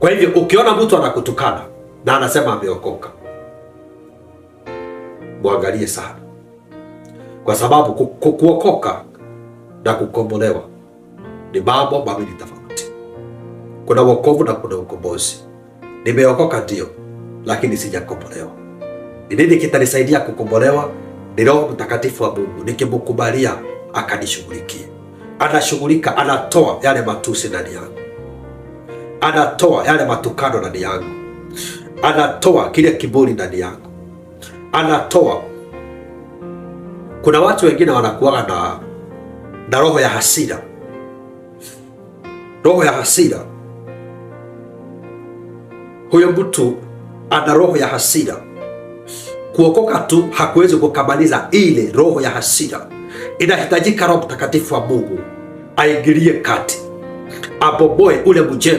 Kwa hivyo ukiona mtu anakutukana na anasema ameokoka, mwangalie sana, kwa sababu kuokoka na kukombolewa ni mambo mawili tofauti. Kuna wokovu na kuna ukombozi. Nimeokoka ndio, lakini sijakombolewa. Ni nini kitanisaidia kukombolewa? Ni Roho Mtakatifu wa Mungu, nikimkubalia akanishughulikie. Anashughulika, anatoa yale matusi ndani yangu anatoa yale matukano ndani yangu, anatoa kile kiburi ndani yangu, anatoa. Kuna watu wengine wanakuwa na, na roho ya hasira, roho ya hasira. Huyo mtu ana roho ya hasira, kuokoka tu hakuwezi kukamaliza ile roho ya hasira. Inahitajika Roho Mtakatifu wa Mungu aingilie kati, aboboe ule mjengo.